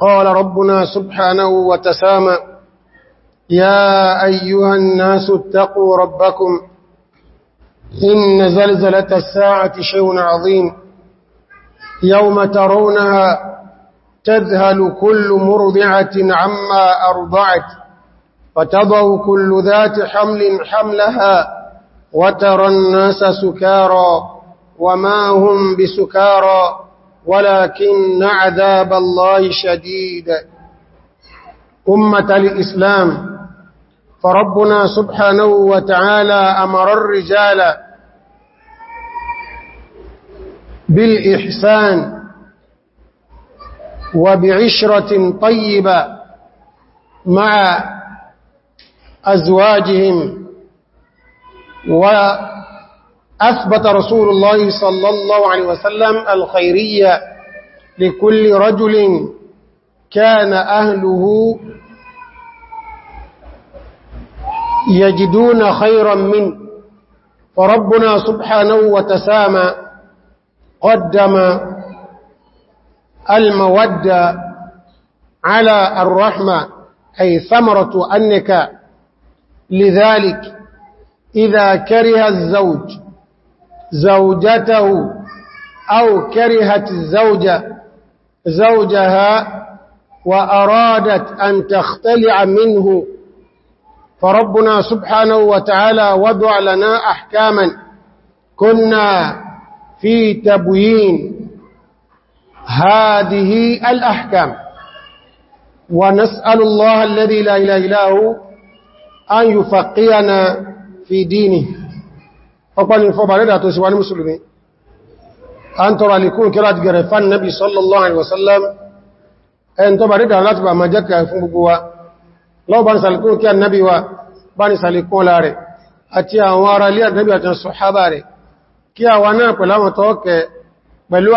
قال ربنا سبحانه وتسامى يا أيها الناس اتقوا ربكم إن زلزلة الساعة شيء عظيم يوم ترونها تذهل كل مرضعة عما أرضعت فتضع كل ذات حمل حملها وترى الناس سكارا وما هم بسكارا ولكن عذاب الله شديد أمة الإسلام فربنا سبحانه وتعالى أمر الرجال بالإحسان وبعشرة طيبة مع أزواجهم وعشرة أثبت رسول الله صلى الله عليه وسلم الخيرية لكل رجل كان أهله يجدون خيرا منه فربنا سبحانه وتسامى قدم المودة على الرحمة أي ثمرة أنك لذلك إذا كره الزوج زوجته أو كرهت الزوجة زوجها وأرادت أن تختلع منه فربنا سبحانه وتعالى وضع لنا أحكاما كنا في تبيين هذه الأحكام ونسأل الله الذي لا إله إلا هو أن يفقينا في دينه ọpá ní fọ́bà rẹ̀dà tó ṣe wá ní musulmi an tọrọ alikun kí láti gẹ̀rẹ̀ fan nabi sallallahu alaihi wasallam ẹn tọba rẹ̀dà láti bá máa jẹ́kà fún gbogbo wa lọ́wọ́ bá ní salikun kí annabi wa bá ní salikun láàrẹ̀ àti àwọn ará ilé annabi àti sọ̀hábà rẹ̀ kí àwa náà pẹ̀lú àwọn tọ́ọ̀kẹ́ pẹ̀lú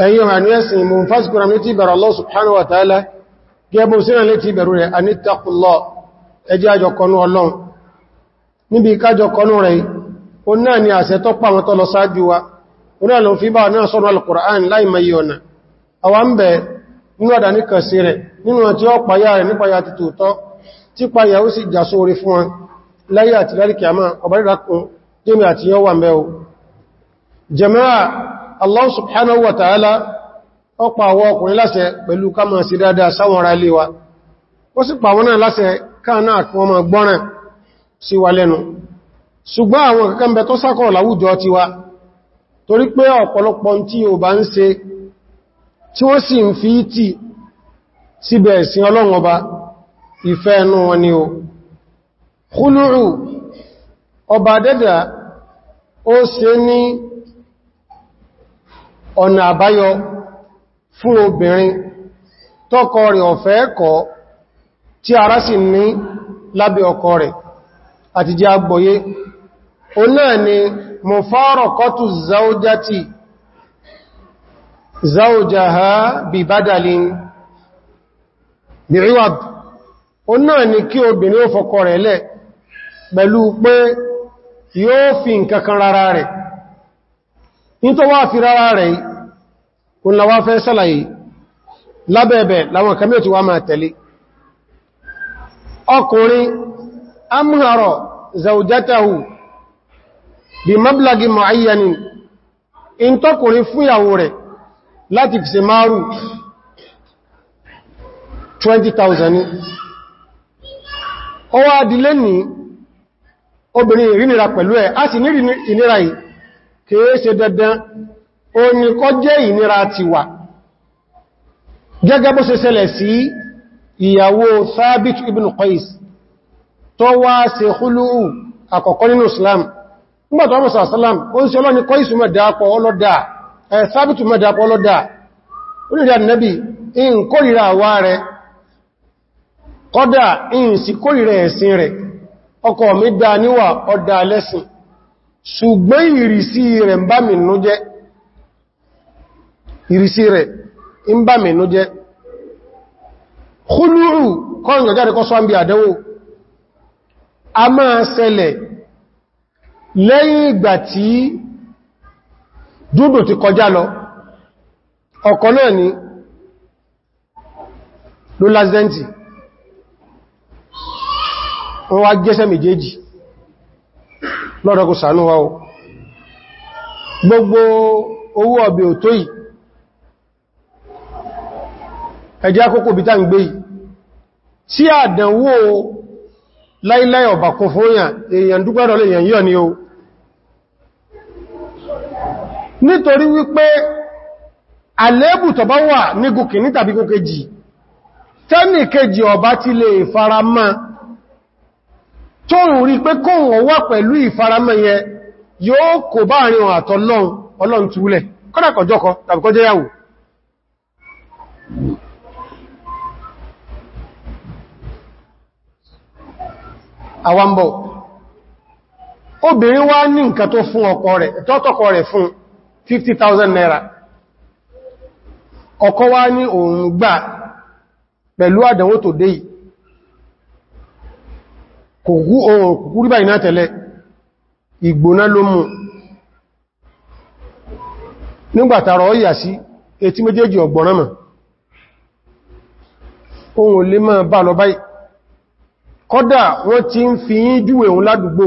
ẹ̀yìn ọmọ àníyàn sí mú fásikúra bẹ̀rẹ̀ Allah subhanahu wa ta'ala gẹ́bù sínà létí ìbẹ̀rù rẹ̀ anítàkùlọ ẹjẹ́ àjọkọnú ọlọ́run níbi ìkájọkọnú rẹ̀ o náà ni àṣẹ tó pàwọn tó lọ sáájú wa o náà lọ fi bá náà sọ́nà alkùrán láì mayi ọ̀nà àwọn bẹ̀ nínú ọ̀dà ní rẹ̀ nínú tí ó rẹ̀ ya tí payá ó sì jà sórí fún wọn láyé àti láríkì àmà jẹ́mi àti yọ́wà mẹ́ o Allah subhanahu wa ta'ala ọpa àwọn ọkùnrin láṣẹ pẹ̀lú ká máa sí dáadáa sáwọn ará ilé wa ó sì pàwọn náà láṣẹ káànáà kí wọ́n máa gbọ́ràn sí wa lẹ́nu ṣùgbọ́n àwọn kankan tó sákọ̀ láwùjọ ti wa torí pé ọ̀pọ̀lọpọ̀ tí o bá ń ṣe tí wọ́n sì ń fi tì síbẹ̀ ẹ̀sìn ọlọ́run ni o fún obìnrin tọ́kọ rẹ̀ ọ̀fẹ́ ẹ̀kọ́ tí ara sì ní lábẹ́ ọkọ rẹ̀ àti jẹ́ agbóyé o náà ni mufaraqatu zaujati zaujaha bí badalin bi'iwad o náà ni kí obìnrin ó fọkọ rẹ̀ lẹ̀ pẹ̀lú pé yóò fi nǹkankan rárá rẹ̀ nítorí wá fi rárá rẹ̀ yìí kun la wá fẹ́ sálàyé lábẹ́ẹ̀bẹ̀ láwọn kàmí ò ti wá máa tẹ̀lé ọkùnrin amharo zaujatahu bí mablagi ma'ayyani in tọkùnrin fúyàwó rẹ̀ láti fi márù 20,000 ó wá dílé ní obìnrin ìrìnira pẹ̀lú ẹ̀ a sì ní ìrìnira yìí kìí ṣe dandan oníkọ́ jẹ́ ìnira ti wà gẹ́gẹ́ bó ṣe ṣẹlẹ̀ sí ìyàwó Thabit ibn Qais tó wá ṣe húlúù àkọ́kọ́ nínú Islam nígbàtí wọ́n mọ̀sá ó ń ṣe ọlọ́ni Qais mẹ́dàápọ̀ ọlọ́dà ẹ̀ Thabit mẹ́dàápọ̀ ọlọ́dà ẹ̀sìn rẹ̀ ọkọ mi dá níwà ọdá lẹ́sìn ṣùgbọ́n ìrìsí rẹ̀ ń bá mi nú ìrísí rẹ̀ ń bá mẹ́nú jẹ́ kúlúrù kọ́rin ọjáde kọ́ sọ́nbí àdẹ́wò a máa ṣẹlẹ̀ lẹ́yìn ìgbà tí dúdò ti kọjá lọ ọkọ̀ náà ni ló lásìdẹ́ntì wọ́n wá gẹ́sẹ̀ méjèèjì lọ́dọ̀kù sànúwá o gbogbo owó ọ̀bẹ̀ òtó yìí ẹjẹ́ àkókò bí táwọn gbé yìí tí àdánwò láíláí ọ̀bà kún fún èèyàn èèyàn dúgbàrọ̀ lè èèyàn yíò ni o nítorí wípé àlébù tọ̀bá wà ní gòkè ní tàbí gòkè jì tẹ́nì kejì ọ̀bá ti lè faramá tó ń rí pé kóhùn wà pẹ̀lú ìfaramá yẹ yóò kò bá àrin àtọ́lọ́run ọlọ́run túlẹ̀ kọ́dàkọ̀jọ́kọ́ tàbí kọjẹ́yàwó àwambọ̀ obìnrin wá ní nǹkan tó fún ọkọ rẹ̀ tọ́tọ̀kọ rẹ̀ fún 50,000 naira ọkọ wá ní òun gbà pẹ̀lú àdánwò tó dé yìí kò hú ohun kúrú báyìí náà tẹ́lẹ̀ ìgbóná ló mú nígbàtàrà ọ̀yà sí ohun máa bá kọ́dà wọ́n ti ń fi yín júwe òun ládùgbò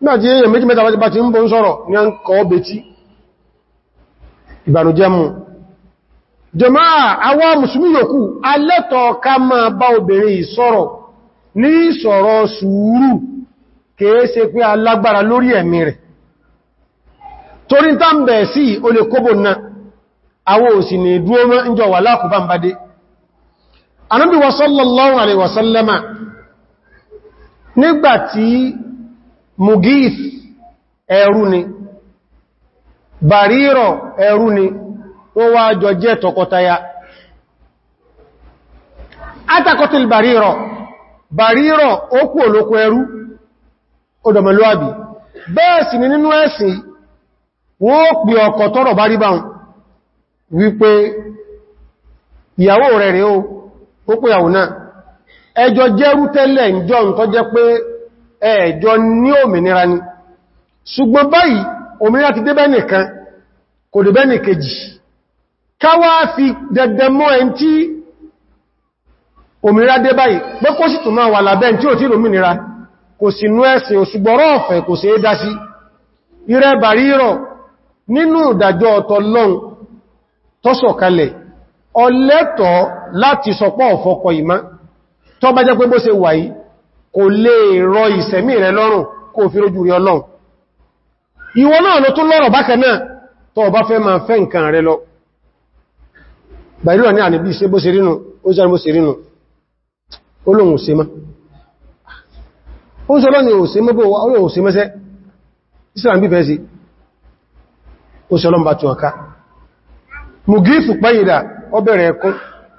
nígbàtí èyàn méjì mẹ́ta bá ti ń bọ́ ń a ń kọ́ ìbànújẹ́ mú alẹ́tọ̀ ká bá obìnrin ní sọ̀rọ̀ sùúrù pé alágbára lórí ẹ̀mí rẹ̀ torí tàbẹ̀ sí olè kóbò náà òsì ní Ànábì wa sallallahu alaihi wasallama nígbàtí Mugith ẹrú ni Bàrírọ̀ ẹrú ni wọ́n wá jọ jẹ́ tọkọtaya atakọtìl Bàrírọ̀ Bàrírọ̀ ó kú olóko ẹrú ọdọ̀mọ̀lúwàbí bẹ́ẹ̀ sì ni nínú ẹ̀sìn wọ́n pè ọkọ tọ́rọ̀ bá rí wípé ìyàwó rẹ̀ rẹ̀ o ó pé àwọn náà ẹjọ jẹ́rú tẹ́lẹ̀ ìjọ tó jẹ́ pé ẹjọ ní òmìnira ni ṣùgbọ́n báyìí òmìnira ti débẹ̀ nìkan kò débẹ̀ nìkejì káwá fi dẹ̀dẹ̀ mọ́ ẹn tí òmìnira dé báyìí pé kó sì tún máa wà lábẹ́ tí ò tí òmìnira kò sí nú ẹ̀sìn tọ́sọ̀kalẹ̀ ọlẹ́tọ̀ọ́ láti sọpọ̀ ọ̀fọ́kọ̀ ìmá tó bá jẹ́ pé bó ṣe wà yìí kò lè rọ ìsẹ̀mí rẹ lọ́rùn kò fi rójú rí ọlọ́run ìwọ náà lọ tó lọ́rọ̀ bákan náà tó bá fẹ́ máa fẹ́ nǹkan rẹ lọ bàìlúwà ní àníbí ṣe bó ṣe rínú ó bó ṣe rínú olóhun ṣe mọ́ ó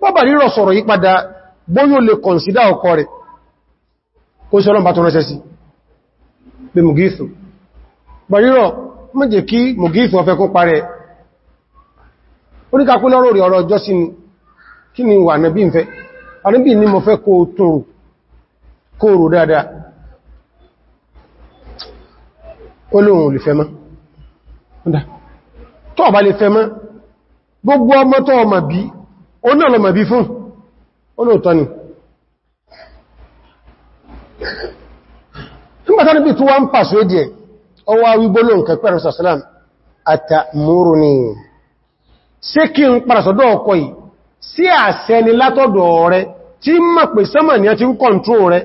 bọ́bà rírọ̀ sọ̀rọ̀ yí padà bóyó lè kọ̀nsídá ọkọ rẹ̀ kó sí ọlọ́mbà tó rẹ̀ṣẹ́ sí pé mùgíìsù bà rírọ̀ mẹ́jẹ̀ kí mùgíìsù ọfẹ́ kó parẹ̀ ni ana bi ni mo gbogbo ọmọ tó ọmọ ó náà lọ mẹ̀bí fún olóòtọ́ ni nígbàtá níbi tí wọ́n ń pàṣọ èdè ẹ̀ ọwá wígbóló nǹkan pẹ̀rẹ̀ sàṣàlám àtàmúrù ni ṣé kí n ọkọ̀ yìí sí ni látọ̀dọ̀ rẹ tí mọ̀ pé sẹ́mọ̀ a ti ń kọ̀ntró rẹ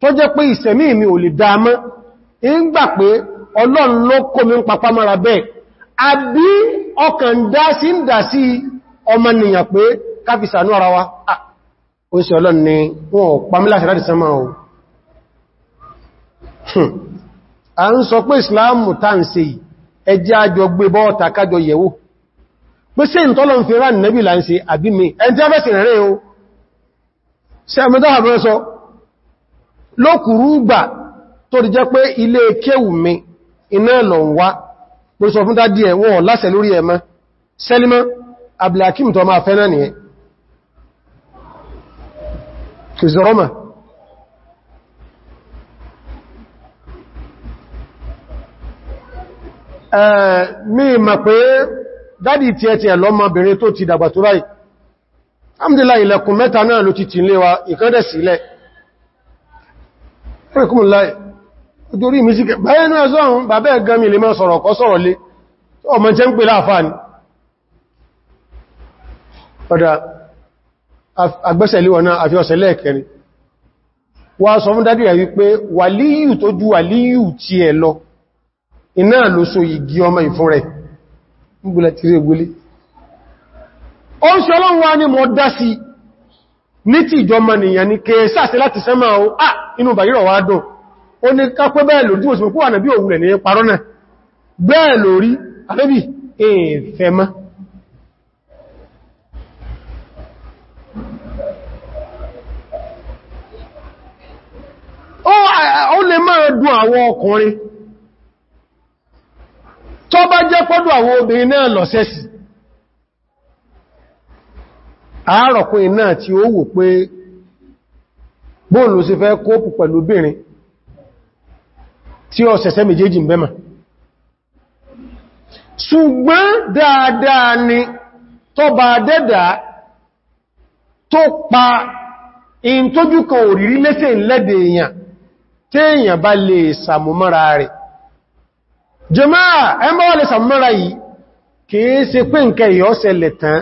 tó jẹ́ pé ìsẹ̀mí mi ò lè dáamá ń gbà pé ọlọ́run ló mara káfíìsà ní ara wa ó sì ọlọ́n ni wọ́n pàmílàṣẹ́ láti sánmà o a hmm. ń sọ pé islamu tàǹsì ẹjẹ́ àjọ gbé bọ́ọ̀ta kájọ yẹ̀wò pé sí ìntọ́lọ̀ fi rán nẹ́bì là ń ṣe àbí mi tí a fẹ́sì rẹ̀ o sí àmìdá àbúrẹ́ sọ lókùrú gbà tó ti jẹ́ pé ilé kéwù mi iná ń wá pé sọ fún dádí lásẹ̀ في الزرمة mi mọ̀ pé dádì tí ẹ ti ẹ̀ lọ́mọbìnrin tó ti dàgbà tó báyìí alhamdulillah ilẹ̀kùn mẹ́ta náà ló ti tì nílé wa ìkọ́dẹ̀ sílẹ̀ ẹ̀kùn láì ojú mi sí báyẹ̀ náà sọ́run bàbẹ́ gami lè máa sọ̀rọ̀ kọ́ sọ̀rọ̀ lé ọmọ jẹ́ ń pè láàfáà ni ọ̀dá agbẹ́sẹ̀lé wọn náà àfi ọ̀sẹ̀ lẹ́ẹ̀kẹrin wà sọ fún dádì ẹ̀ wípé wàlíyù tó ju wàlíyù tí ẹ lọ iná ló so igi ọmọ ìfún rẹ̀ gbúlẹ̀ tí rí egúlé ó ń sọ lọ́wọ́ ní mọ́ dá sí ní tí ìjọmọ nìyàn ni kẹsàsí láti sẹ́mà ó lè máa dùn àwọn ọkùnrin tó bá jẹ́ pọ́dọ̀ àwọn obìnrin náà lọ́sẹ̀sì àárọ̀kùnrin náà tí ó wò pé bóòlù sí fẹ́ kóòpù pẹ̀lú obìnrin tí ó sẹ̀sẹ̀ méjèèjì ń bẹ́mà ṣùgbọ́n dáadáa ni tó bá dẹ́dà pa in òrìrí lẹ́sẹ̀ èèyàn téèyàn bá lè sàmúmọ́ra rẹ̀ jẹmáà ẹmọ́ lè sàmúmọ́ra yìí kìí ṣe pé nkẹ yóò tán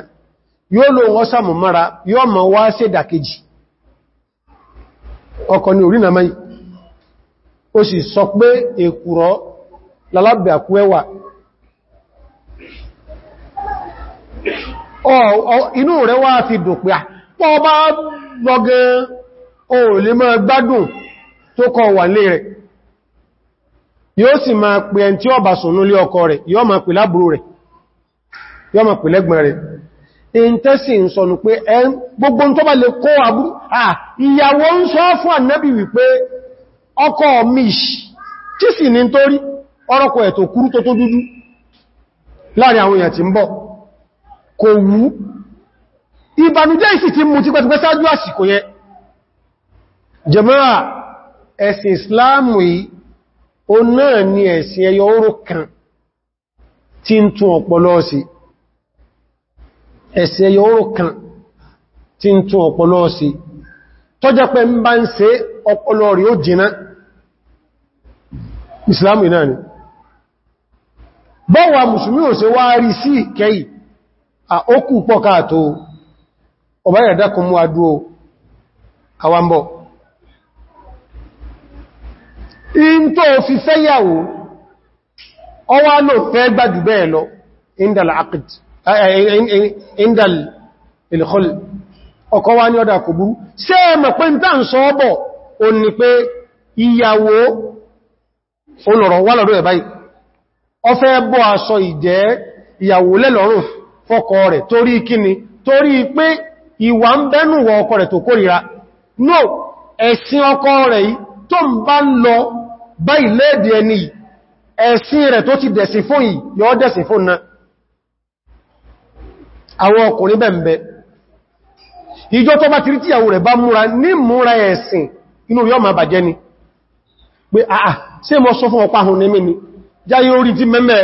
yóò lò wọ́n sàmúmọ́ra yóò mọ̀ wá sí ìdàkejì ọkọ̀ ni o sì sọ pé èkùrọ́ lalábẹ̀ tó kọ wà lé rẹ̀ yóò sì máa pè ẹn tí ó sùn nílé ọkọ rẹ̀ yóò máa pè lábúrú rẹ̀ yóò máa pè rẹ̀ in ń gbogbo tó bá lè kó àbúrú à ìyàwó ń sọ fún wípé ọkọ mish kí sì ní torí ọrọ̀kọ̀ ẹ̀ kúrú tó tó dúdú láàrin àwọn ti mú ti pẹ̀tùpẹ́ sáájú àsìkò yẹn ẹ̀sìn islamu yìí o náà ni ẹ̀sìn ẹyọ oró kan tí ń tún ọ̀pọ̀lọ́ sí ẹ̀sìn ẹyọ oró kan tí ń tún ọ̀pọ̀lọ́ sí tọ́jẹ́ ọpọlọ rí ó jìnà islamu náà ni bọ́wà musulmi ò se wá rí sí ìkẹyì à ó kù pọ̀ káàtó ọ̀bá ìrẹ̀dákùnmú in tó fi fẹ́yàwó ọwá lò fẹ́ gbájú bẹ́ẹ̀ lọ indal ilkhul ọkọ wá ní ọdá kò burú ṣe ẹmọ̀ pé ń sọ ọbọ̀ o ní pé ìyàwó olọ̀rọ̀ wà lọ́rọ̀ ẹ̀ báyìí ọ fẹ́ bọ́ aṣọ ìjẹ́ ìyàwó lẹ́lọ́rùn fọ́kọ rẹ̀ torí kíni torí pé ìwà ń bẹ́nu no ẹ̀sìn ọkọ rẹ̀ yìí tó ń bá ń lọ bá ìlẹ́ẹ̀dì ẹni ẹ̀sìn rẹ̀ tó ti dẹ̀sìn fún yìí yọ́ dẹ̀sìn fún náà àwọn ọkùnrin bẹ̀m̀bẹ̀ ìjọ tó bá ti rí tí ìyàwó rẹ̀ bá múra ní múra ẹ̀sìn inú rí ma bàjẹ́ ni pé àà sí mọ́ sọ fún ọpá jáyé orí tí mẹ́mẹ́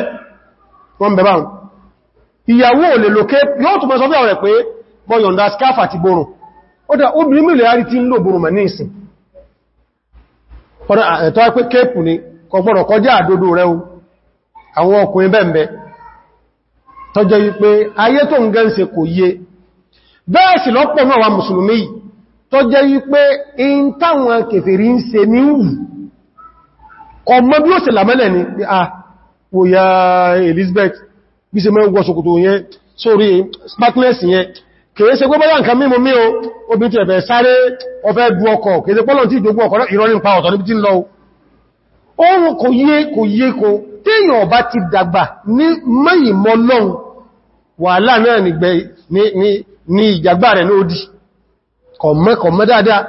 ẹ̀tọ́ pé kéèpù ni kọgbọ́rọ̀ kọjá àdúdú rẹ̀ àwọn ọkùnrin bẹ́ẹ̀bẹ́ tọ́jọ́ wípé ayé tó ń gẹ́ǹsẹ̀ kò yé bẹ́ẹ̀ sì lọ́pọ̀ náà wa musulmi tọ́jọ́ wípé in táwọn kèfèrí ń ṣe ní wù kọmọ bí ó sì ni ah, kèése gbogbo yá nǹkan mímú mí o obi ti ẹ̀fẹ̀ sáré ọfẹ́ bu ọkọ̀ kèése pọ́lọ̀ tí ìjogún ọkọ̀ ìrọ́lẹ̀ pa ọ̀tọ̀ níbi tí ń lọ oòrùn kò yé kò yé kò téèyàn ọba ti dàgbà ní mẹ́yìnmọ́ lọ́un wàhálà náà ní ìjàgbà rẹ̀ lóòdì kọ̀mẹ́kọ̀mẹ́ dáadáa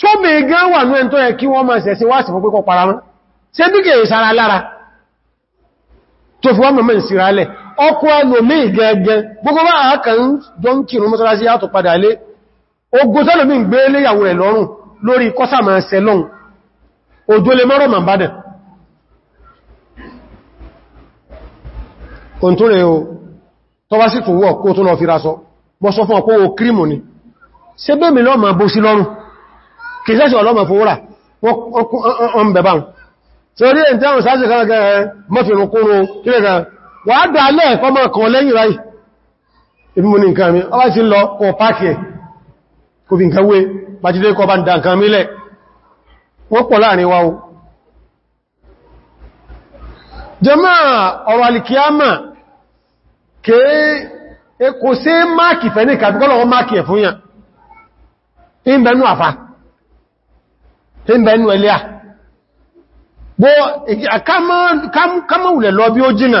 sọ́bẹ̀ igán wà ní ẹntọ́ ọkọ̀ ẹlòmí gẹ́gẹ́ gbogbo bá àákàn jọ ń kìrún mọ́sánásí yàtọ̀ padà lé ogun tẹ́lòmí gbé léyàwó rẹ̀ lọ́rùn lórí kọ́sàmà sẹlọ́n òjò lè mọ́rọ̀ mà bádẹ̀ ohun tó rẹ̀ o tọ́wá sí tó wọ́ kó tó lọ fira sọ mọ́ sọ fún ọ̀pọ̀ ṣe bẹ́mi lọ́ ma bó àwọn sáàsì kan gẹ̀ẹ́ mọ́fìrún kúrò kílẹ̀ kan wà á dà alẹ́ ẹ̀fọ́mọ́ kan lẹ́yìn ráì ibi mú ní nǹkan mi ọwá sí lọ kọ páàkì ẹ̀ kò fi nǹkan wé bàjídé kọ bá ń da nǹkan mi lẹ̀ wọ́n pọ̀ láàrin wa jẹmọ́ ọ̀rọ̀ alìkíyàmà e kò sí máàkì fẹ́ ní kàbíkọ́lọ̀ wọ́n máàkì ẹ̀ fún yàn ìbẹ̀nú àfà ìbẹ̀nú bí ó jìnà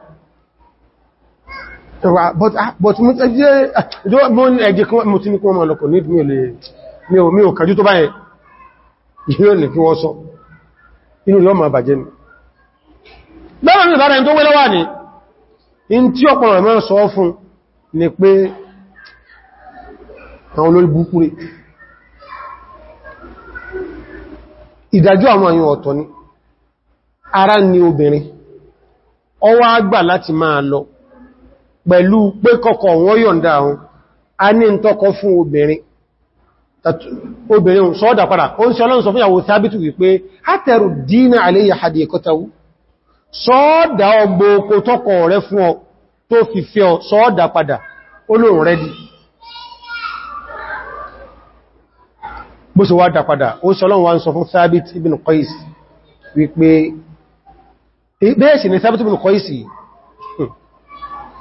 but ah, but mo ti jẹ́ ah, ìjọba ní ẹjẹ́ kí kàjú tó yíò inú lọ ma bàjẹ́ mi lọ́rọ̀ ní ìbára ẹni tó wẹ́lọ́wà ní in tí ọ̀pọ̀lọ̀ rẹ̀ mọ́ sọ fún ni pé àwọn àwọn ọ̀tọ̀ ni ara ni obìnrin ọwọ́ láti máa lọ pẹ̀lú pé kọ́kọ́ wọ́n yọ̀ǹda ahun a ní ń tọ́kọ fún obìnrin obìnrin sọ́ọ̀dà padà O ń sọ ọlọ́run sọ fún ìyàwó sábítù wípé hátẹrù dínà àléyà hàdì ẹ̀kọ́tawú sọ́ọ̀dà ọgbọ̀ oko tọ́kọ rẹ fún ọ tó fi fẹ́ ọ sọ́ọ̀dà padà olóòrùn rẹ di bó ṣe wá dà padà ó sọ ọlọ́run wá ń sọ fún sábítù ibn Qais wípé bẹ́ẹ̀ sì ni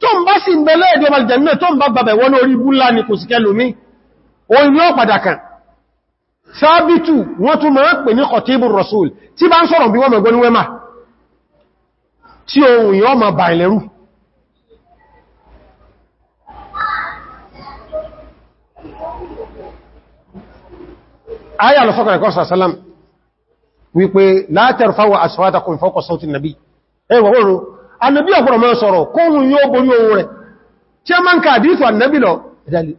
tó ń bá sí ìbẹ̀lẹ̀ èdè ọmọ ìjẹ̀mẹ́ tó ń bá bàbẹ̀ wọ́n orí búlá ní kò sí kẹlùmí oyin yóò padà kàn sábìtù wọ́n tún máa pè ní kọtíbù rọ̀súl tí bá ń sọ̀rọ̀ bí wọ́n mẹ́gbẹ́ ní tí ohun yóò ma bà ìlẹ́rù ayà lọ sọ́kọ̀ annabi ọ̀pọ̀rọ̀ mọ́ sọ̀rọ̀ kóhun yóò borí ohun rẹ̀ tí a máa ń ka àdífò annabi lọ ẹ̀dàlì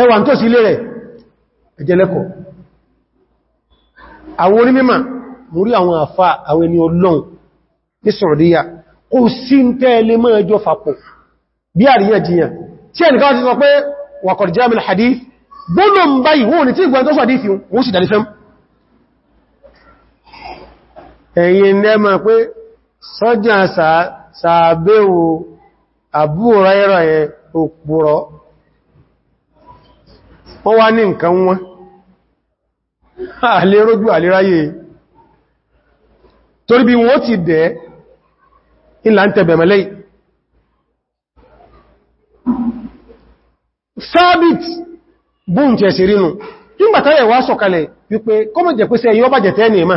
ẹwà tó sí ilé rẹ̀ ẹjẹ́lẹ́kọ̀ àwọn orí mímọ̀ múrí àwọn àfà àwọn ẹni ọlọ́un ní sọ̀rọ̀díyà kò sí ń tẹ́ẹ̀lé mọ́ ẹjọ́ fapọ̀ bí àríyànjiyàn hadith gbónà ń ni tí ẹ̀yin nẹ́mà pé sọ́jà sàábẹ́wò Abu Hurairah yẹn òpùrọ́ wọ́n wá ní nǹkan wọn àlérójú àléráyé torí bí wọ́n ti dẹ̀ ìlà ń tẹ̀bẹ̀mẹ́lẹ́ sábìt bóǹtẹ̀ sí rínú nígbàtà ẹ̀wà sọ̀kalẹ̀ wípé kọ́mọ̀ jẹ̀ pé sẹ́ bàjẹ̀ tẹ́ ní ẹ̀mà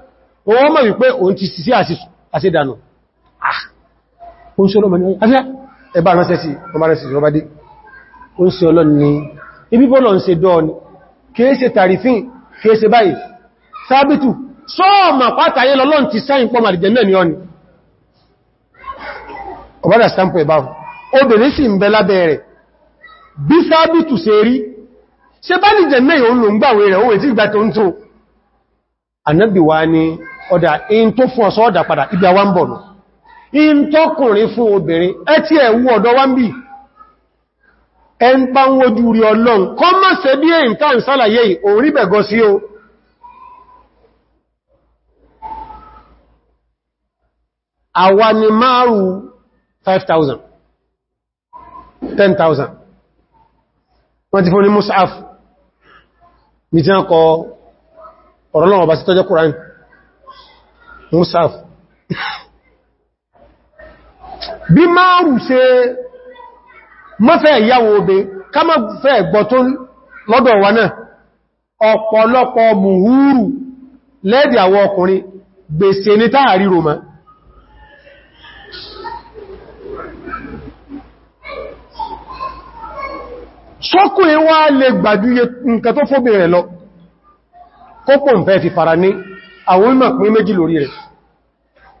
wọ́n mọ̀ wípé òun ti sí àṣídànù ah! ó ń ṣe ọlọ́mọ ní ọjọ́ ẹbá ránṣẹ́ sí ọmọ rẹ̀ sí ọba dé ó ń ṣe ọlọ́ni ní ibi bọ́lọ̀ ń ṣe dọ́ọ̀ni kìí ṣe tàrífín kìí ṣe báyìí sábìtù sọ́ọ̀mà pátàyẹ lọ́lọ́n ti sáyìn pọ́ màrìjẹ̀ náà ni ọni ọbádà stampo ẹ̀báwù obìnrin sì ń bẹ lábẹ́ rẹ̀ bí sábìtù ṣe rí ṣe bá nìjẹ̀ náà òun lò ń gbàwé rẹ̀ òun ètí ìgbà tó ń tó ànábì wá ní ọ̀dà in tó fún ọ̀sọ́ ọ̀dà padà ibi àwọn bọ̀nù in tó kùnrin fún obìnrin ẹ ẹ̀ ọ̀dọ́ wá ń bí ẹ ń pa ń wojú rí ọlọ́run kọ́ mọ́ bẹ̀gọ́ sí o àwa ni márùn 5,000 10,000 wọ́n ti fún ní musaf ní tí wọ́n kọ bá musaf bí márùn ṣe mọ́fẹ́ ìyàwó obe ká mọ́ fẹ́ ẹ̀gbọ́ tó lọ́dọ̀ wa náà ọ̀pọ̀lọpọ̀ mùhúrù lẹ́dì àwọn ọkùnrin gbèsè ní táàrí roma sọ́kùnrin wá lè gbàdúyẹ nǹkan tó lọ ń fẹ́ fara ní àwọn ìmọ̀ pín méjì lórí rẹ̀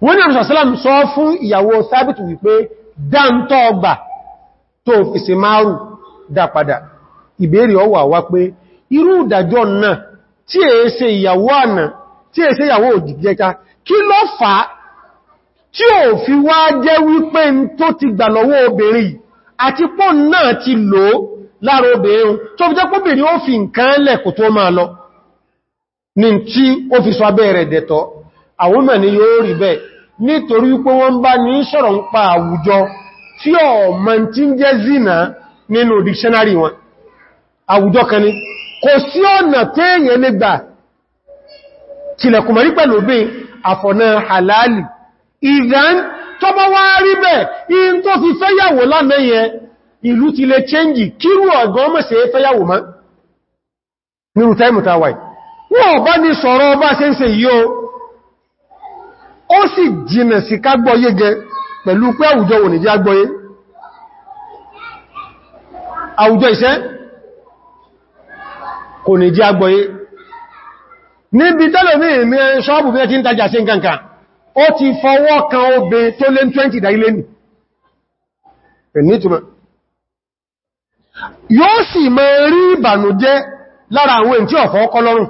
wọ́n ni àrùsàsílám sọ fún ìyàwó sábìtù wípé dántọ́ ọgbà tó fèsè márùn dápadà ìbéèrè ọwà wá pé irú ìdàjọ́ náà tí è ṣe ìyàwó àná tí è ṣe ìyàwó òjìjẹta kí ló fà á tí ò fi wá jẹ́ wípé tó ti gbà lọ́wọ́ obìnrin àti pọ́n náà ti lò lára obìnrin tó fi jẹ́ pọ́bìnrin ó fi nǹkan lẹ̀ tó máa lọ ní tí ó fi sọ abẹ́ rẹ̀ dẹ̀tọ́ àwọn mẹ́ ni yóò rí bẹ́ẹ̀ nítorí wípé wọ́n bá ní sọ̀rọ̀ ń pa àwùjọ tí ọ̀ mọ̀ tí ń jẹ́ zina nínú dictionary wọn àwùjọ kan ni kò sí ọ̀nà téèyàn lè gbà tilẹ̀kùnmọ̀rí pẹ̀lú bí àfọ̀nà halali ìdán tó bọ́ wá rí bẹ́ẹ̀ in tó fi fẹ́yàwó lánàyẹ ìlú ti lè chẹ́njì kírù ọ̀gọ́ mọ̀ sí fẹ́yàwó wọ́n bá ní sọ̀rọ̀ ọba ṣe ń ṣe yíó ó sì jìnà sí kágbọ́yé gẹ pẹ̀lú pé àwùjọ wò ní jẹ́ agbọ́yé àwùjọ ìṣẹ́ kò ní jẹ́ agbọ́yé níbi tẹ́lẹ̀mí ìmìnrin ṣọ́ọ̀bù bí ẹ ti ń tajà sí nǹkankan ó ti fọwọ́ kan obe tó lé 20 dáilé nì yóò sì mẹ́ rí ìbànújẹ́ lára àwọn èntí ọ̀fọ́ ọkọ́ lọ́rùn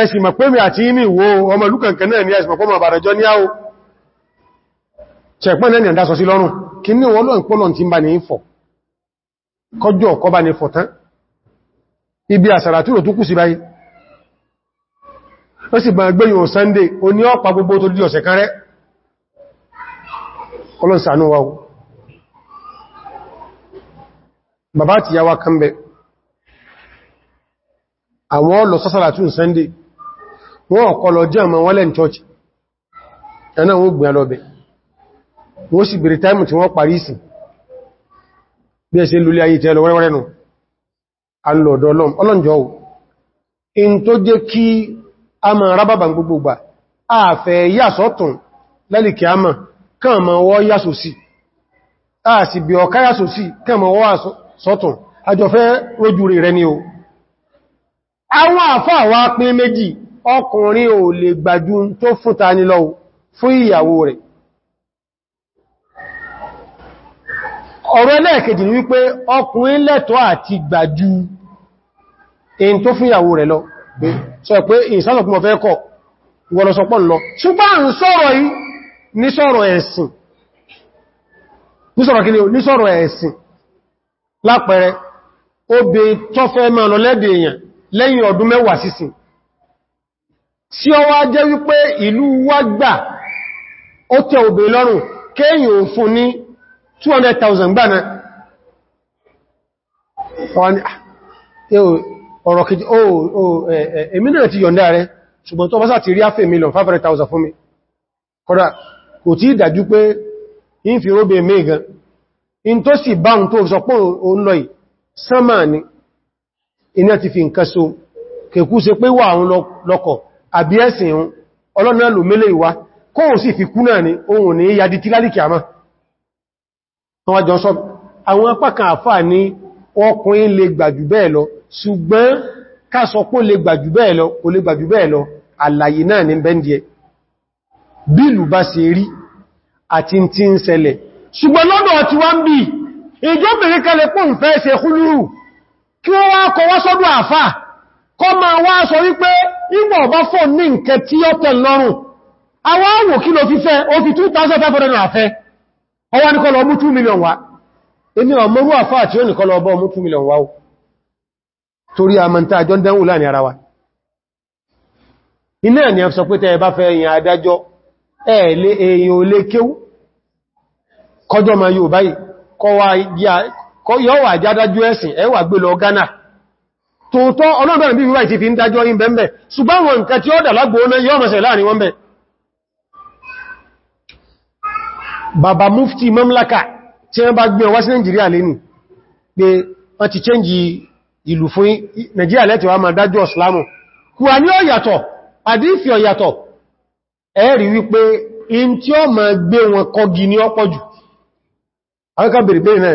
ẹ̀sì mọ̀ pé mi àti ìmì wo ọmọ lúkànkẹ́ náà ní ẹ̀sì mọ̀ pọ́mọ̀ àbàrẹjọ́ ní áwó ṣẹ̀pẹ́ lẹ́nì àdásọ sí lọ́rùn kí ní wọ́n lọ́n pọ́lọ̀ tí bá ní fọ̀ kọjọ́ ọkọ́ bá ní fọ̀ tán ibi àsàrà tí ó tó kù sí báyìí ó sì bá Sunday ó ní ọ̀pá gbogbo tó dí ọ̀sẹ̀ kan rẹ̀ ọlọ́nsànú wa kan bẹ̀rẹ̀ àwọn ọlọ sọ́sára tún sunday wọ́n ọ̀kọlọ jẹ́ àmà chọọchị lẹ́n church ẹ̀nà wọ́n gbìyàn lọ́bẹ̀ wọ́n sì bèèrè táìmù tí wọ́n parí ìsìn bí ẹ̀ṣẹ́ lulẹ̀ ayé tẹ́lọ wẹ́rẹ́wẹ́rẹ́nu alọ́dọ̀ ọlọ́njọ́ in ma o àwọn àfáà wá pín méjì ọkùnrin ò lè gbàjú tó fúta ní lọ fún ìyàwó rẹ̀ ọ̀rọ̀ ẹlẹ́ẹ̀kejì wípé ọkùnrin lẹ́tọ́ àti gbàjú èyí tó fún ìyàwó rẹ̀ lọ sọ pé ìsánàkùnmọ̀ fẹ́ kọ̀ lẹ́yìn ọdún mẹ́wàá sísìn tí ó wá jẹ́ wípé ìlú wa gbà ó tẹ obè lọ́rùn kéyìn ò fún ní 200,000 gbána ah, ọ̀rọ̀ kejì ó èmì náà ti yọ̀ndá rẹ̀ ṣùgbọ́n tó bá sá ti rí áfẹ́ mílíọ̀n 500,000 fún mi kọ́dá kò tí ìdájú pé in mẹ́gan in tó sì bá ń tó sọpọ̀ òun lọ sánmà ni iná ti fi nǹkan so kèkú ṣe pé wà àwọn lọ́kọ̀ àbí ẹ̀sìn ohun ọlọ́nà lò mẹ́lẹ̀ ìwá kóhùn sí fi kú náà ni ohun ní yàdí tí lálìkì àmá àwọn àjọ sọ àwọn apákan àfà ní ọkùnrin lè gbàjù bẹ́ẹ̀ lọ ṣùgbọ́n ká sọ pé lè gbàjù bẹ́ẹ̀ lọ ìjọ́bìnrin kalẹ̀ pọ̀ ń fẹ́ ṣe kúlúrù kí ó wá kọ wá sọ́dọ̀ àfà kọ ma wá sọ wípé ìwọ̀ ọba fọ́ ní nkẹ tí ó awa lọ́rùn àwọn àwò kí ló fi fẹ́ o fi 2,500 àfẹ́ ọwá ní kọlọ 2 million wá èmi ọmụrụ àfà àti ó ní kọlọ ọbọ million wá o torí a láàrin ara wa kọ yọ́ wà jádájú ẹ̀sìn ẹwà gbé lọ Ghana tòótọ́ ọlọ́bẹ̀rẹ̀ bí wíwá ìtì fi ń dájọ́ yìí ṣùgbọ́n nǹkan tí ó dà lágbóóná mẹ́sẹ̀ láàrin wọn bẹ̀ bàbá mufti mamlaka tí wọ́n bá gbé wá sí Nàìjíríà lẹ́nu pé wọ́n ti chẹ́njì ìlú fún wá dájọ́ àdífì wọn ní bèèrè bèèrè náà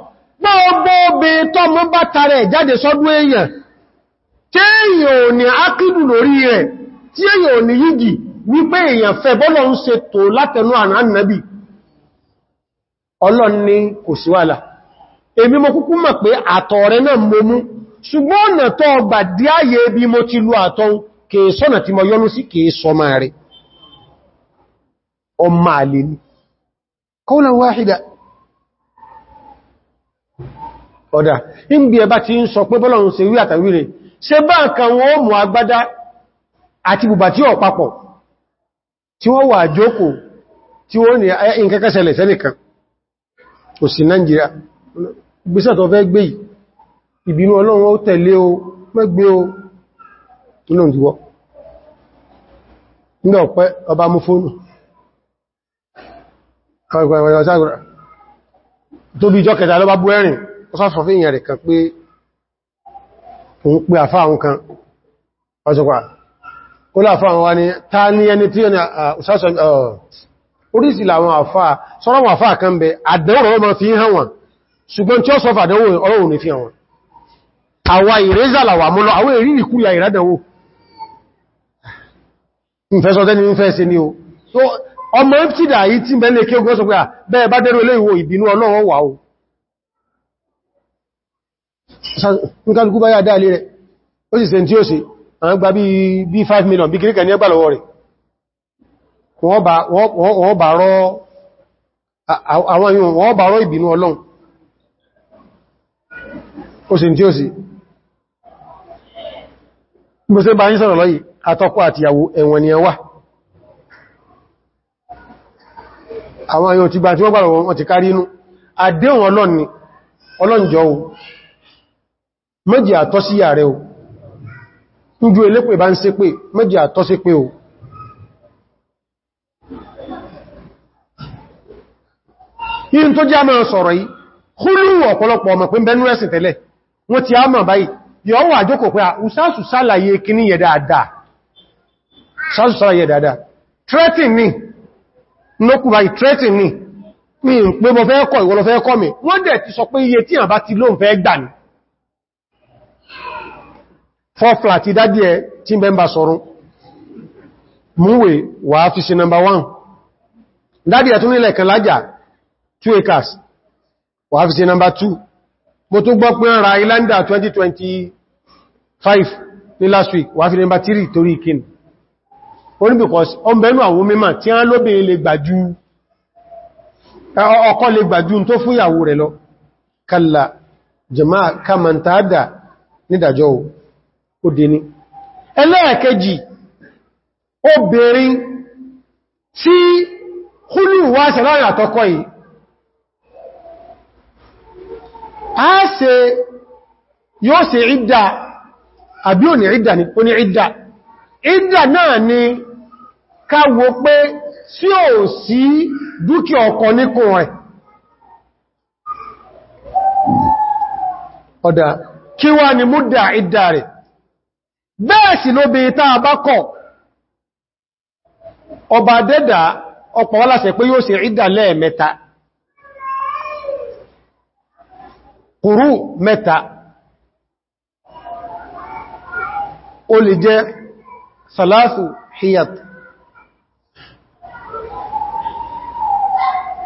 gbogbo obi tọ́ mọ́ bá tarẹ̀ jáde sọ́dún èèyàn tí èèyàn ò ní ákìdù lórí rẹ̀ tí èèyàn ò ní yígi wípé èèyàn fẹ́ bọ́lọ̀ ń ṣe tó látẹnu ànàbì ọlọ́n ni kò sí èmi mo kúkú mọ̀ pé àtọ̀ rẹ̀ náà mo mú ṣùgbọ́n ọ̀nà ọ̀dá níbi ẹba ti ń sọ pé bọ́lọ̀run ṣe wí àtàwíre ṣe bá nǹkan wọn ó mú agbádá àti bùbà tí ó papọ̀ tí wọ́n wà jókò tí wọ́n ní ìkẹ́kẹ́sẹ̀lẹ̀ sẹ́nìkan kò Nàìjíríà gbísẹ̀ o o inú ìjọ kẹta lọ bá bú ẹ̀rìn ọsọ́sọ̀ fún ìyẹn rẹ̀ kan pé òun pé àfá àwọn kan ọjọ́gbà kó láàfá àwọn wá ní ta ní ẹni tí yẹn orísì làwọn àfá sọ́rọ̀ wọn àfá kan bẹ àdánwò wọn máa fi ń hàn wọn ṣùgbọ́n tí ó sọ fàdánwò ọlọ́wò ní fi hàn wọn àwa ìrẹ́zà làwà mú lọ àwọn èrí ìkúlà ìrádánwò ìfẹ́sọ́ tẹ́ni ń fẹ́ ọmọ ìpìdà yìí tí bẹ́ẹ̀ kí ogun sọ bẹ́ẹ̀ bá dẹ́rù ilé ìwò ìbínú ọlọ́wọ́ wà nkálukú bá yá dáalé rẹ̀ ó sì sẹ́ntí ó sì àwọn gba bí 5 million bí kíríkà ní ẹgbà lọ́wọ́ rẹ̀ wọ́n bá rọ́ àwọn yóò wọ́n bá rọ́ ìbínú ọlọ́run ó sì tí ó sì bó ṣe bá ń sọ̀rọ̀ lọ́yìí àtọkọ àtìyàwó ẹ̀wọ̀n ni ẹwà àwọn yóò ti gbà tí wọ́n gbà lọ́wọ́ wọn ti kárí inú àdéhùn ọlọ́run ni ọlọ́njọ́ méjì àtọ́ sí yà rẹ̀ o ń ju elépè bá ń ṣe pé méjì àtọ́ sí pé o yìí tó jẹ́ àmà sọ̀rọ̀ yìí kúlù ọ̀pọ̀lọpọ̀ ọmọ pé bẹnu ẹ̀sìn tẹ́lẹ̀ wọ́n ti àmà báyìí yọ́ mi ń pé mo fẹ́ mi wọ́n dẹ̀ ti sọ pé iye tí àbá ti lóun fẹ́ gbà ní fọ́fla ti dádí ẹ tí mẹ́mbà sọ̀rún múwé wà fi sí number one dádí ẹ tún nílẹ̀ kan lájà 2 acres wà fi sí number two mo tó gbọ́ pé ń ra ilanda 2025 ní last week wà fi number three torí ikin only because ọmọbẹ̀nú àwọn mímọ̀ tí a lóbi lè gbàjú ọkọ lè gbàjú tó fún ìyàwó rẹ̀ lọ òdìní ẹlẹ́ẹ̀kejì obìnrin tí húlù wá sẹ̀láàrin àtọ́kọ́ yìí a ṣe yóò ṣe ìdá àbí ò ní ìdá ní ó ní ìdà. ìdá náà ni káwò pé tí ò sí Dúkì ọkọ níkùn rẹ̀ ọ̀dá kí wá ni múdà ìdá rẹ̀ bẹ́ẹ̀ sì ló bèèrè tàà bá kọ̀ ọba dẹ́dà ọ̀pọ̀ wálàṣẹ pé yóò ṣe ìdà lẹ́ẹ̀mẹ́ta kùrú mẹ́ta ó lè jẹ́ salasu hiyat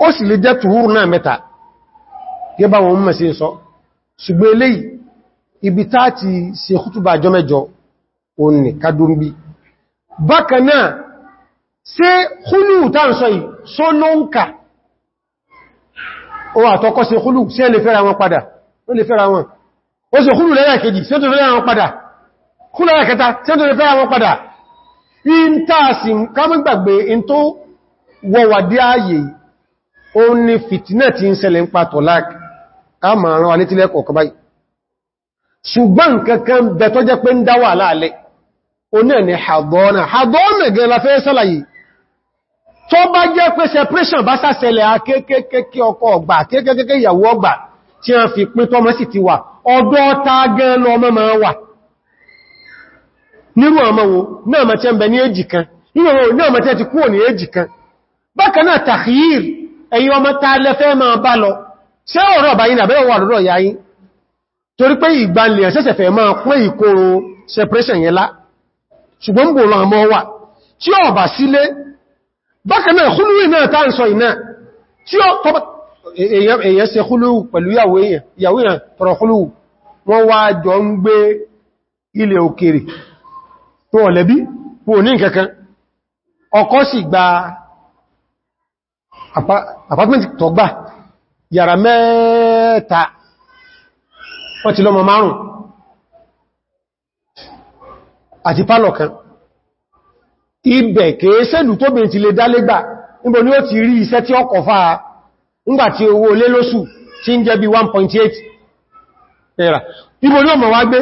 ó sì lè jẹ́ tuhuru náà mẹ́ta gẹ́bà wọn mẹ́sí sọ ṣùgbọ́n eléyìí ibi táà ti ṣe kútùbà jọmẹ́jọ òní kádúmbí bákanáà ṣe húlù tánṣọ́ yìí só ló ń kà ó àtọ́kọ́ ṣe húlù sí ẹ lè fẹ́ra wọn padà ó lè fẹ́ra wọn ó ṣe húlù lẹ́yà kejì sí ẹ tó fẹ́ra wọn padà húlù lẹ́yà kẹta sí ẹ tó fẹ́ra wọn padà in táàsì kámúgbàgbé in tó wọ̀wàdí ààyè ó ní fìtínà ti ń ṣẹlẹ̀ tílẹ̀kọ̀ọ̀kọ̀ báyìí ṣùgbọ́n kankan bẹ̀tọ́jẹ́ pé ń dáwà láàlẹ́ onáà ni hadọ́nà na gẹ́ la fẹ́ sálàyé tó bá jẹ́ pé separation bá sásẹlẹ̀ akékèké ọkọ ọgbà kékèké ìyàwó ọgbà tí a fi pín tọ́mọ́ sì ti wà ọdọ́ ta gẹ́ lọ ọmọ wo náà mọ̀ tí ọmọ bákan náà tàhíìr ẹ̀yin ọmọ máa bá lọ ṣé ọ̀rọ̀ báyìí nàbẹ́ wà lọ́rọ̀ yáyí torí pé ìgbàlẹ̀ ẹ̀sẹ̀sẹ̀fẹ̀ máa pín ìkòrò separation ṣùgbọ́n bò lọ àmọ́ wà tí ó bà sílé bákanáà húlúwì náà tàà ń sọ ìná tí ó tọ́bà èyàn ṣe húlúwù pẹ̀lú ìyàwó èyàn tọrọ húlúwù wọ́n wá jọ ń gbé ilẹ̀ òkèrè tó ọ̀lẹ́bí wò ní nǹkankan ọkọ sì àti pálọ̀ kan ibẹ̀ kèéṣẹ́lù tó bèèrè ti lè dálégbà níbo ni ó ti rí iṣẹ́ tí ọkọ̀ fáa ńgbàtí owó olé lóṣù tí ń jẹ́ bí 1.8 naira níbo ni ó mọ̀ wá gbé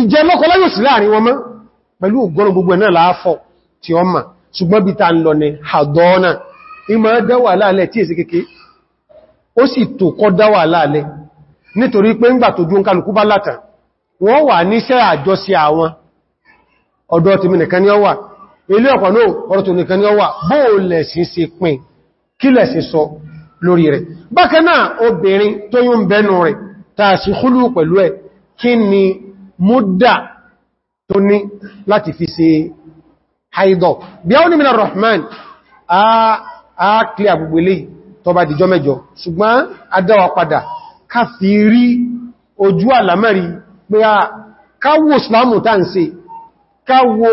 ìjẹ mọ́kọlọ́yọ̀ láàrin wọn mọ́ pẹ̀lú gbogbo náà nítorí pé bá wọ́n wà níṣẹ́ àjọsí àwọn ọ̀dọ̀ tèmi nìkan ni ó wà ilé ọ̀pọ̀ náà ọ̀rọ̀ tó nìkan ni ó wà bóò lẹ̀sìn sí pin kí lẹ̀sìn sọ lórí rẹ̀ bákan obìnrin tó yún bẹnu rẹ̀ tàà sí húlù pẹ̀lú ẹ̀ kí ni múdà tó ní láti fi ṣe haidọ̀ bí i min rahman a kílẹ̀ àgbègbèlé tó bá dìjọ́ mẹ́jọ ṣùgbọ́n adáwà padà ká fi rí ojú àlámẹ́rin pé a káwò islamu ta ń káwò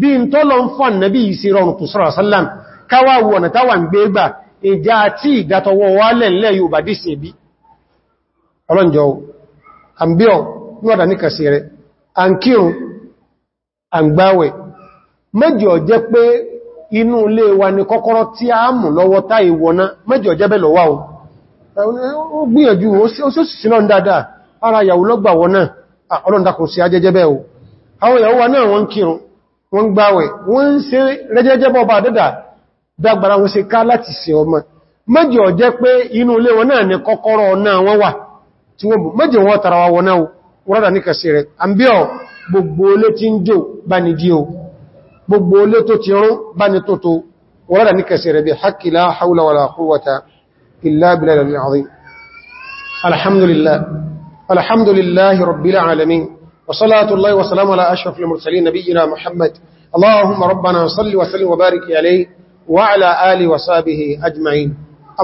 bí n tó lọ ń fọ́n nàbí ìsì rọrùn tó sọ́rọ̀ sallam káwàwò ọ̀nà táwà ń gbé gbà ìjá àti ìgàtọwọ́ wálẹ̀ lẹ́ yóò bà dìsì ẹbí ọlọ́njọ́ àmbíọ̀ ó gbìyànjú ó sí dáadáa ara yàwó lọ́gbà Ah, ọlọ́ndakùn sí ajẹ́jẹ́ bẹ́ o àwọn ìyàwó wa náà wọ́n kírun wọ́n gbáwẹ̀ wọ́n ń ṣe rẹ́jẹ́jẹ́bọ́ bá dẹ́dà dágbàrá wọ́n ṣe ká láti ṣe ọmọ méjì ó jẹ́ pé inú ilé wọn náà ni kọ́kọ́rọ́ náà wọ́n wà tí wọ́n méjì wọ́n tara wa wọ́n náà wọ́rọ̀dà ní kẹsì rẹ̀ àbíọ̀ gbogbo olé tí ń jò bá ní díò gbogbo olé tó ti rún bá ní tó tó wọ́rọ̀dà ní kẹsì rẹ̀ bí haqqi la hawla alhamdulillah الحمد لله رب العالمين وصلاة الله وسلام على أشرف المرسلين نبينا محمد اللهم ربنا صل وسلم وبارك عليه وعلى آل وصابه أجمعين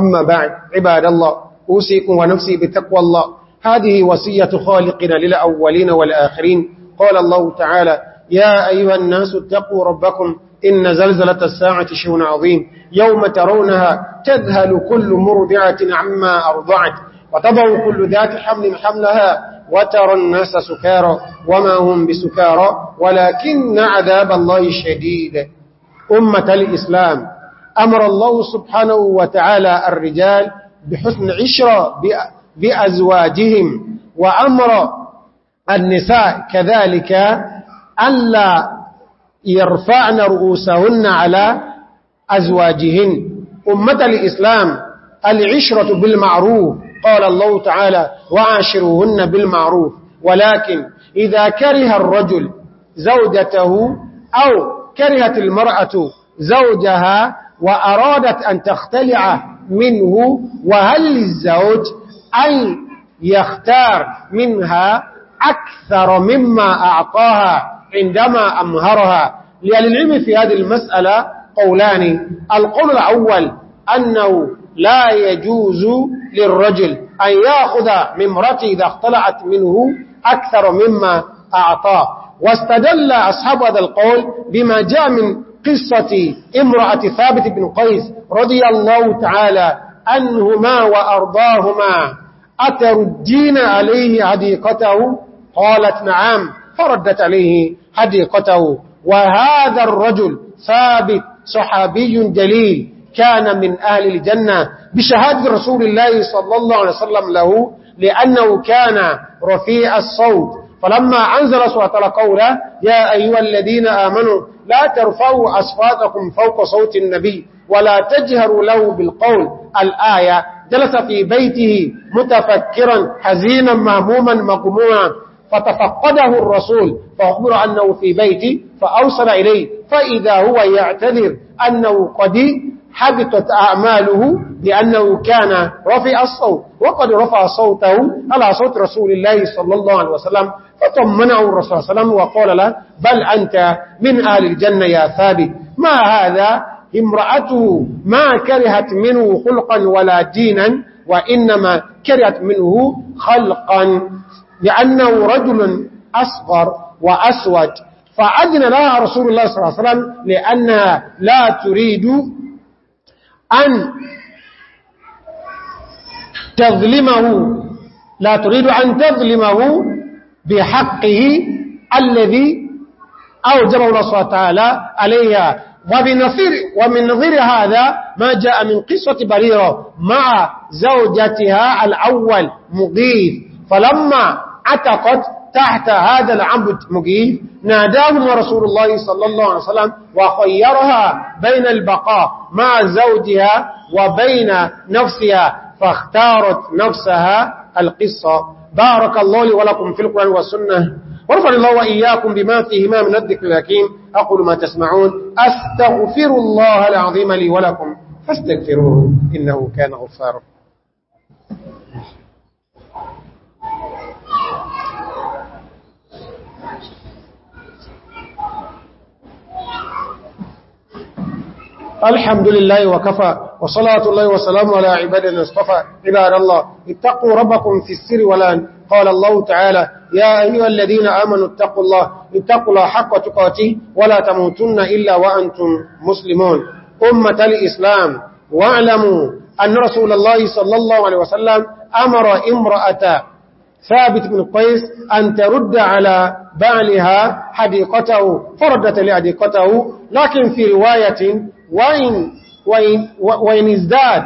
أما بعد عباد الله أوسيكم ونفسي بتقوى الله هذه وسية خالقنا للأولين والآخرين قال الله تعالى يا أيها الناس اتقوا ربكم إن زلزلة الساعة شون عظيم يوم ترونها تذهل كل مرضعة عما أرضعت وتضع كل ذات حمل حملها وترى الناس سكارى وما هم بسكارى ولكن عذاب الله شديد أمة الإسلام أمر الله سبحانه وتعالى الرجال بحسن عشرة بأزواجهم وأمر النساء كذلك ألا يرفعن رؤوسهن على أزواجهن أمة الإسلام العشرة بالمعروف قال الله تعالى وعاشروهن بالمعروف ولكن إذا كره الرجل زوجته أو كرهت المرأة زوجها وأرادت أن تختلع منه وهل للزوج أن يختار منها أكثر مما أعطاها عندما أمهرها للعلم في هذه المسألة قولان القول الأول أنه لا يجوز للرجل أن يأخذ ممرته إذا اختلعت منه أكثر مما أعطاه واستدل أصحاب هذا القول بما جاء من قصة امرأة ثابت بن قيس رضي الله تعالى أنهما وأرضاهما أتردين عليه هديقته قالت نعم فردت عليه هديقته وهذا الرجل ثابت صحابي جليل كان من أهل الجنة بشهادة رسول الله صلى الله عليه وسلم له لأنه كان رفيع الصوت فلما أنزل سورة القولة يا أيها الذين آمنوا لا ترفعوا أصفاتكم فوق صوت النبي ولا تجهروا له بالقول الآية جلس في بيته متفكرا حزينا مهموما مقموعا فتفقده الرسول فأخبر أنه في بيتي فأوصل إليه فإذا هو يعتذر أنه قد حبطت أعماله لأنه كان رفع الصوت وقد رفع صوته على صوت رسول الله صلى الله عليه وسلم فطمنه الرسول صلى الله عليه وسلم وقال له بل أنت من أهل الجنة يا ثابت ما هذا امرأته ما كرهت منه خلقا ولا دينا وإنما كرهت منه خلقا لأنه رجل أصغر وأسود فأذن لها رسول الله صلى الله عليه وسلم لأنها لا تريد أن تظلمه لا تريد أن تظلمه بحقه الذي أوجبه الله سبحانه وتعالى عليها وبنصير ومن نظير هذا ما جاء من قصة بريرة مع زوجتها الأول مغيث فلما عتقت تحت هذا العبد مجيد ناداهما رسول الله صلى الله عليه وسلم وخيرها بين البقاء مع زوجها وبين نفسها فاختارت نفسها القصة بارك الله لي ولكم في القرآن والسنة ورفع الله وإياكم بما فيهما من الذكر الحكيم أقول ما تسمعون أستغفر الله العظيم لي ولكم فاستغفروه إنه كان غفاره الحمد لله وكفى وصلاة الله وسلام على عبادنا اصطفى عباد الله اتقوا ربكم في السر والآن قال الله تعالى يا أيها الذين آمنوا اتقوا الله اتقوا الله حق تقاته ولا تموتن إلا وأنتم مسلمون أمة الإسلام واعلموا أن رسول الله صلى الله عليه وسلم أمر امرأة ثابت بن قيس أن ترد على بعلها حديقته فردت لحديقته لكن في رواية وإن, وإن, وإن ازداد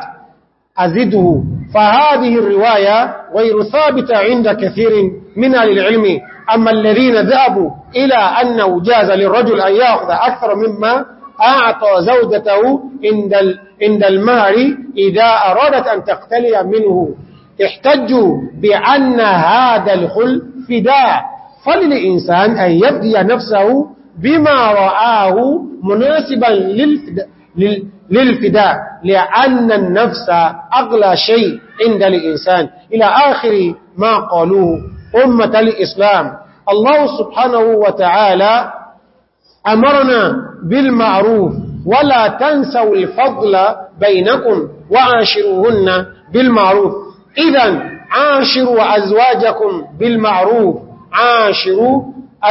أزده فهذه الرواية غير ثابتة عند كثير من العلم أما الذين ذهبوا إلى أنه جاز للرجل أن يأخذ أكثر مما أعطى زوجته عند المهر إذا أرادت أن تقتلي منه احتجوا بأن هذا الخل فداء فللإنسان أن يبدي نفسه بما رآه مناسبا للفداء لأن النفس أغلى شيء عند الإنسان إلى آخر ما قالوه أمة الإسلام الله سبحانه وتعالى أمرنا بالمعروف ولا تنسوا الفضل بينكم وعاشروهن بالمعروف إذا عاشروا أزواجكم بالمعروف عاشروا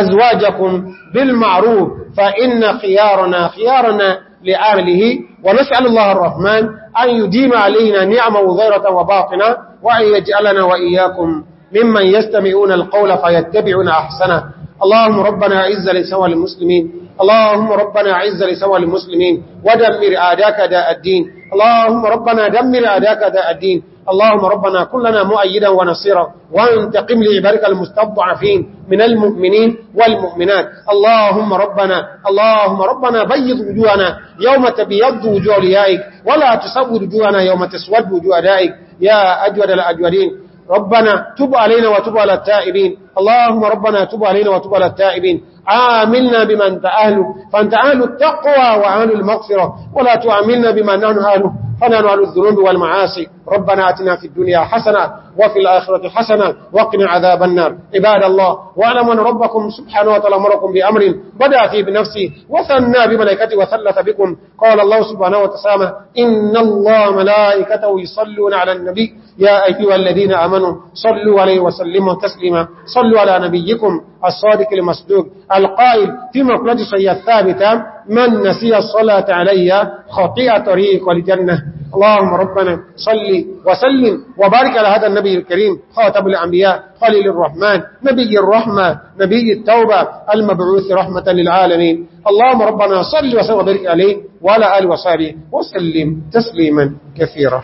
أزواجكم بالمعروف فإن خيارنا خيارنا لأهله ونسأل الله الرحمن أن يديم علينا نعمة وظيرة وباطنة وأن يجعلنا وإياكم ممن يستمعون القول فيتبعون أحسنه اللهم ربنا عز لسوى المسلمين اللهم ربنا عز لسوى المسلمين ودمر آداك داء الدين اللهم ربنا دمر آداك داء الدين اللهم ربنا كلنا مؤيدا ونصيرا وانتقم لعبارك المستضعفين من المؤمنين والمؤمنات اللهم ربنا اللهم ربنا بيض وجوهنا يوم تبيض وجوه ليائك ولا تسود وجوهنا يوم تسود وجوه دائك يا أجود الأجودين ربنا تب علينا وتب على التائبين اللهم ربنا تب علينا وتب على التائبين عاملنا بما انت أهله فانت أهل التقوى وأهل المغفرة ولا تعاملنا بما نحن أهله ونحن عن الذنوب والمعاصي ربنا أتنا في الدنيا حسنة وفي الآخرة حسنة وقنا عذاب النار عباد الله وعلم أن ربكم سبحانه وتعالى أمركم بأمر بدأ فيه بنفسه وثنى بملائكته وثلث بكم قال الله سبحانه وتعالى إن الله ملائكته يصلون على النبي يا أيها الذين آمنوا صلوا عليه وسلموا تسليما صلوا على نبيكم الصادق المصدوق القائل في مقلة صحية الثابتة من نسي الصلاة علي خطيئة طريق ولجنة اللهم ربنا صلي وسلم وبارك على هذا النبي النبي الكريم خاتم الأنبياء خليل الرحمن نبي الرحمة نبي التوبة المبعوث رحمة للعالمين اللهم ربنا صل وسلم وبرك عليه وعلى آل وصحبه وسلم تسليما كثيرا